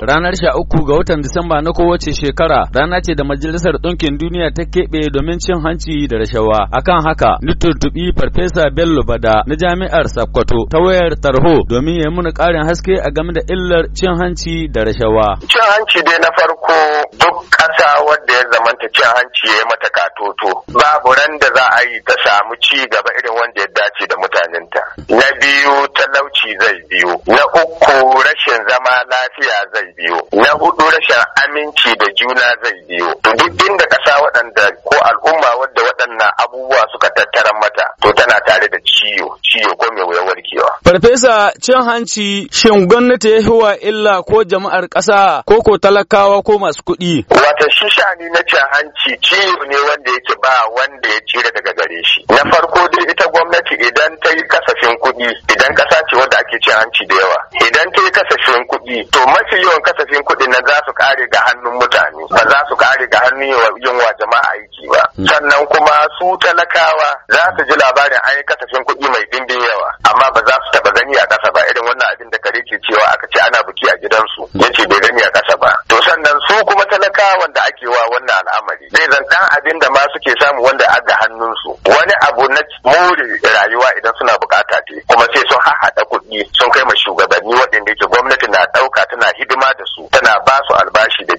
Ranar sha uku ga watan Disamba na kowace shekara rana ce da Majalisar Ɗinkin Duniya ta keɓe domin cin hanci da rashawa. Akan haka, ni tuntuɓi Farfesa Bello Bada na Jami'ar Sakkwato ta wayar tarho domin ya muna ƙarin haske a game da illar cin hanci da rashawa. Cin hanci dai na farko duk ƙasa wanda ya zamanta cin hanci ya yi mata katoto. Babu ran da za a yi ta samu ci gaba irin wanda ya dace da mutanenta. na biyu talauci zai biyo na uku rashin zama lafiya zai biyo na hudu rashin aminci da juna zai biyo duk inda ƙasa waɗanda ko al'umma wadda waɗannan abubuwa suka tattara mata to tana Farfesa cin hanci shin gwamnati ya huwa illa ko jama'ar ƙasa ko ko talakawa ko masu kuɗi? wata sishani na cin hanci ciwo ne wanda yake ba wanda ya cire daga gare shi. Na farko dai ita gwamnati idan ta yi kasafin kuɗi idan ƙasa ce wanda ake cin hanci da yawa. Idan ta yi kasafin kuɗi to mafi yawan kasafin kuɗi na za su kare ga hannun mutane ba za su kare ga hannun wa jama'a aiki ba. Hmm. Sannan kuma su talakawa za su ji labarin an yi kasafin kuɗi mai ɗimbin yawa amma abin da kare ke cewa aka ce ana biki a gidansu ya ce bai gani a kasa ba to sannan su kuma talakawan da ake wa wannan al'amari zai zan ɗan abin da ma suke samu wanda a ga hannunsu wani abu na more rayuwa idan suna bukata ce kuma sai sun haɗa kuɗi sun kai ma shugabanni waɗanda yake gwamnati na ɗauka tana hidima da su tana ba su albashi da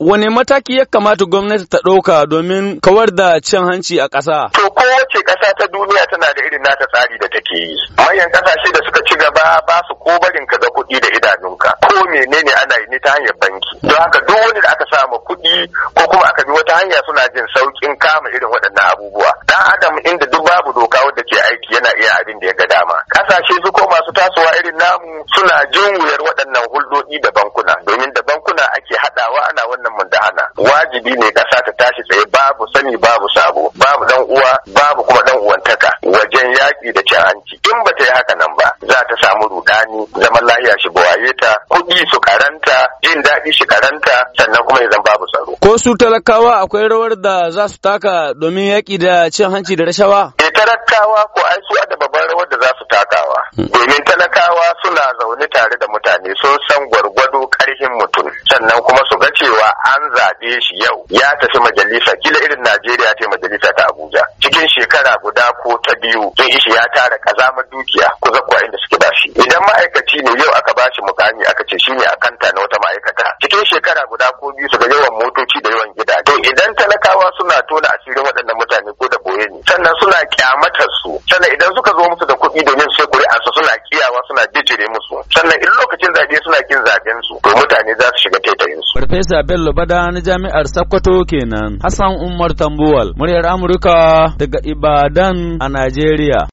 Wane mataki ya kamata gwamnati ta ɗauka domin kawar da cin hanci a ƙasa? To kowace ƙasa ta duniya tana da irin nata tsari da take yi. Manyan ƙasashe da suka ci gaba ba su ko barin ka ga kuɗi da idanunka. Ko menene ana yi ne ta hanyar banki. Don haka wata hanya suna jin saukin kama irin waɗannan abubuwa dan adam inda duk babu doka wadda ke aiki yana iya abin da ya ga dama kasashe su ko masu tasowa irin namu suna jin wuyar waɗannan hulɗoɗi da bankuna domin da bankuna ake haɗawa ana wannan mundahana wajibi ne kasa ta tashi tsaye babu sani babu sabo babu dan uwa babu kuma dan uwantaka wajen yaƙi da cin hanci in ba ta yi haka nan ba za ta samu rudani zaman lahiya shi bawaye ta kuɗi su karanta jin daɗi shi karanta sannan kuma ya zan babu tsaro. Ko su talakawa akwai rawar da za su taka domin yaƙi da cin hanci da rashawa? Eh talakawa ko ai su da babban rawar da za su takawa. Hmm. Domin talakawa suna zaune tare da mutane sun san gwargwado ƙarfin mutum sannan kuma su ga cewa an zaɓi zaɓe shi yau ya tafi majalisa kila irin Najeriya ta majalisa ta Abuja cikin shekara guda ko ta biyu zai ishi ya tara kazamar dukiya kuza zakwa inda suke ba shi. idan ma'aikaci ne yau aka ba shi mukami aka ce shi shine akanta na wata ma'aikata cikin shekara guda ko biyu su ga yawan motoci da yawan gida to idan talakawa suna tona asirin waɗannan mutane ko da boye ne sannan suna kyamatar su sannan idan suka zo musu da kuɗi domin su kuri'ansu suna talakawa suna bijire musu sannan in lokacin zaɓe suna kin zaɓen su to mutane za su shiga taitayin su. Farfesa Bello Bada na Jami'ar Sokoto kenan Hassan Umar Tambuwal muryar Amurka daga Ibadan a Najeriya.